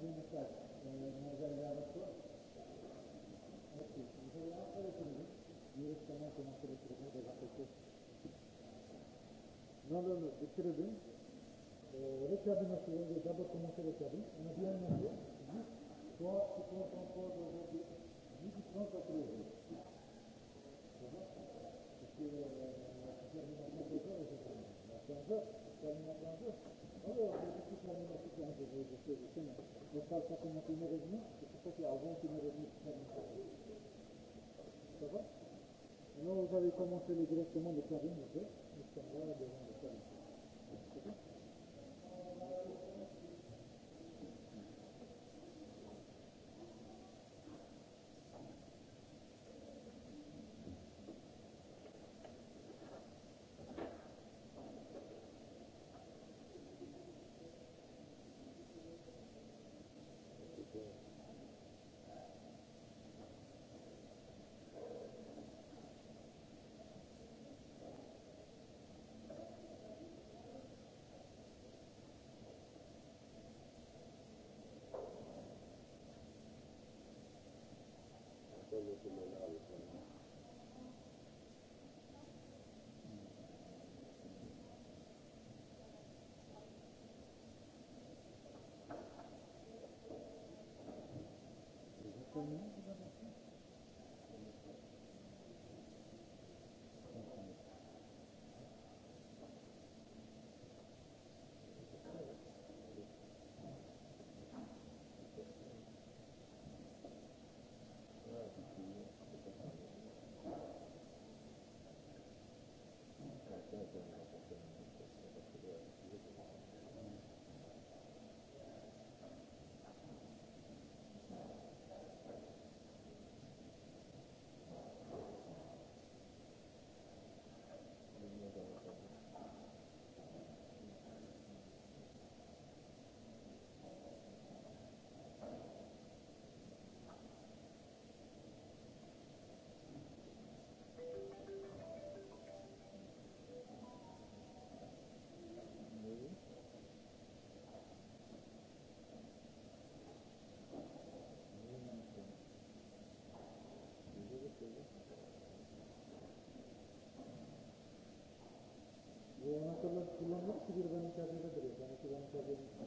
Non, non, non, c'est le bien. Le cabine, c'est d'abord commencer le cabine. On a bien mangé. Toi, tu comptes encore aujourd'hui. Dis que tu comptes à tous les jours. Parce que tu termines à 15 heures et c'est ça. À 15 heures, tu termines à 15 heures. Alors, je dis que tu termines à 15 heures. Je sais, je Mais ça, ça commence une heure et demie, c'est pour ça qu'il a avant une heure et Ça va Alors, vous avez commencé directement de Karine, ok Nous sommes là devant मतलब चूल्हा चूल्हा किती रुपयांनी चार्जेस आहे दर रुपयांनी किंवा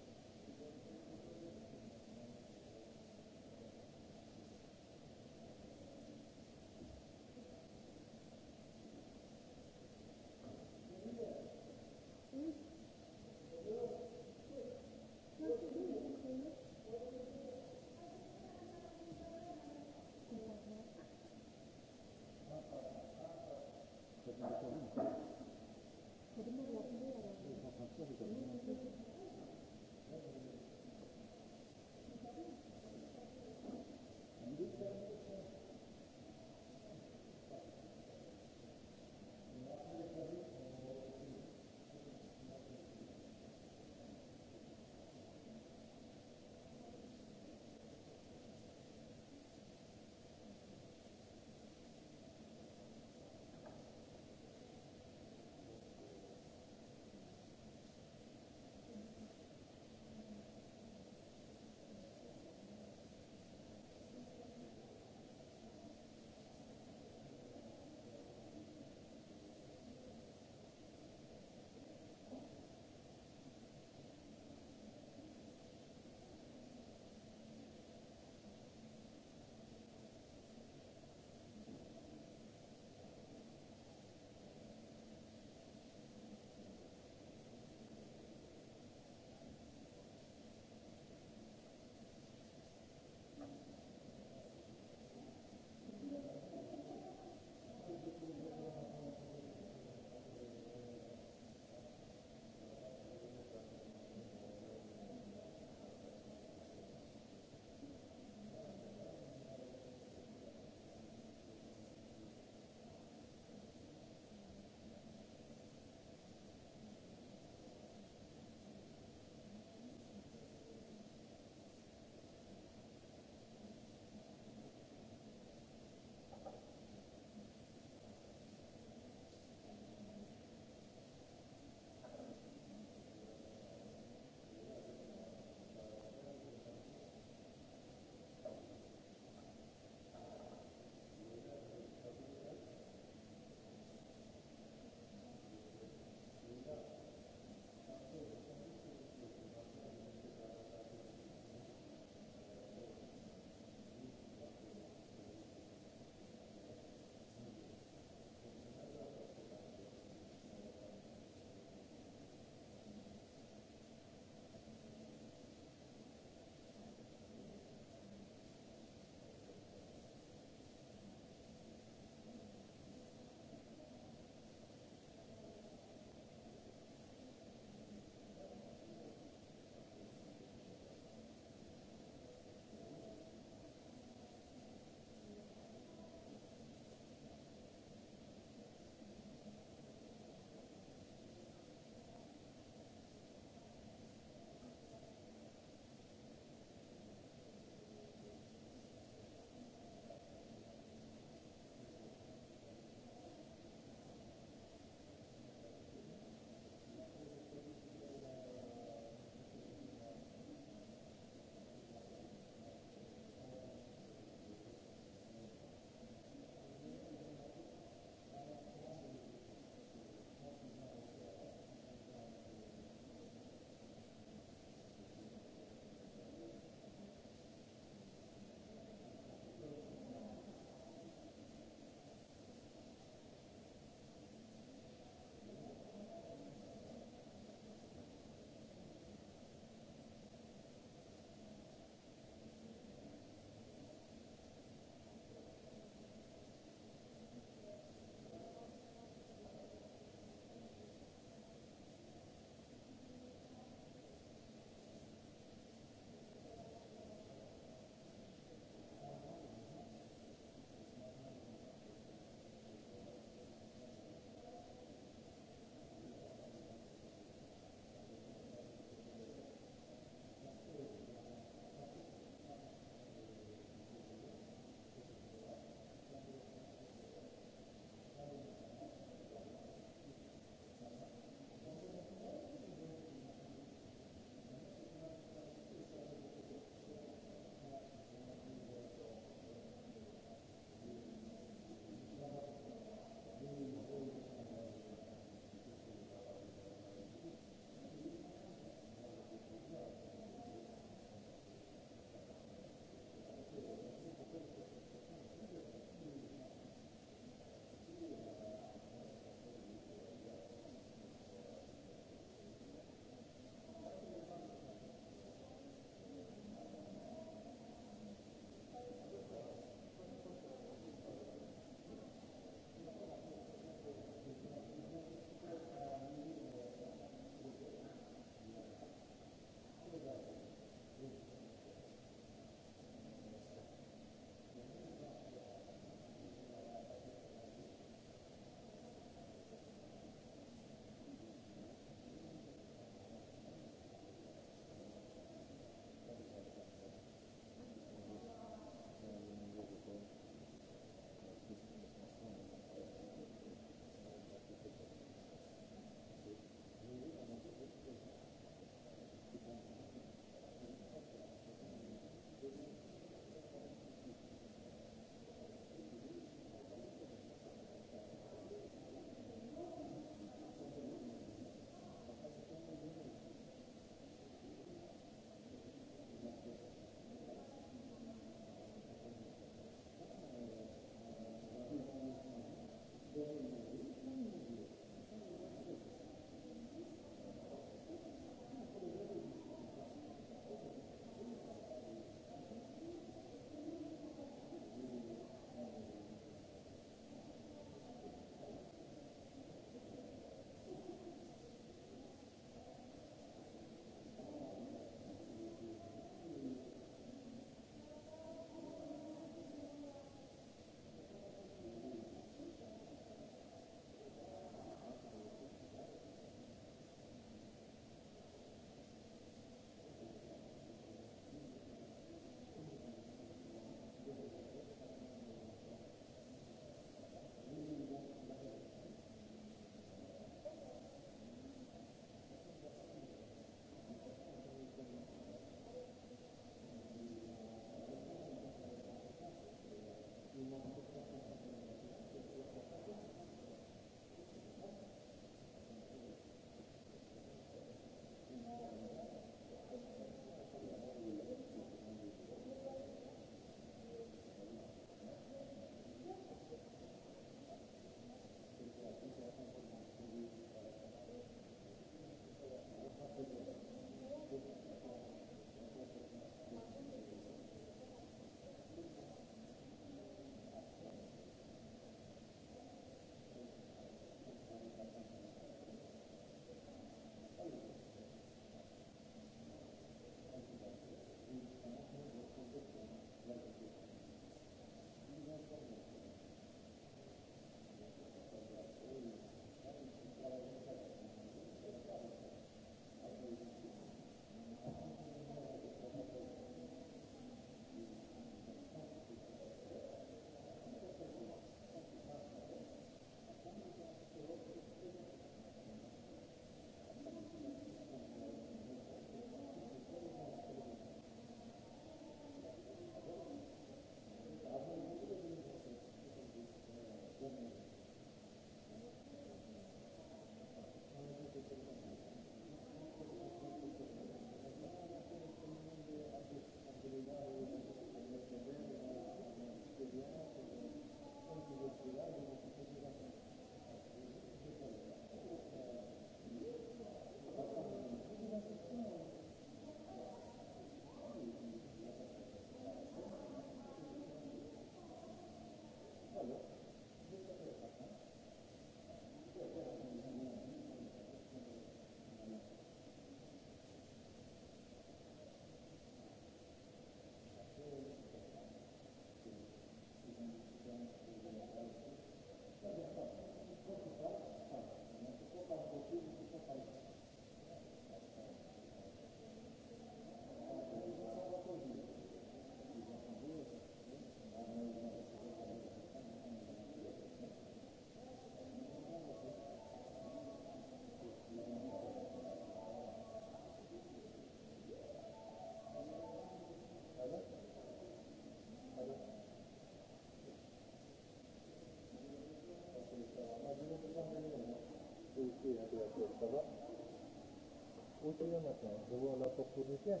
újtoljönnek el, de volna pokudni kell.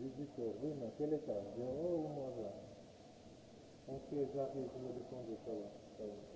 Vidite, vi na teletažu, o, umorla. On si je zapisano da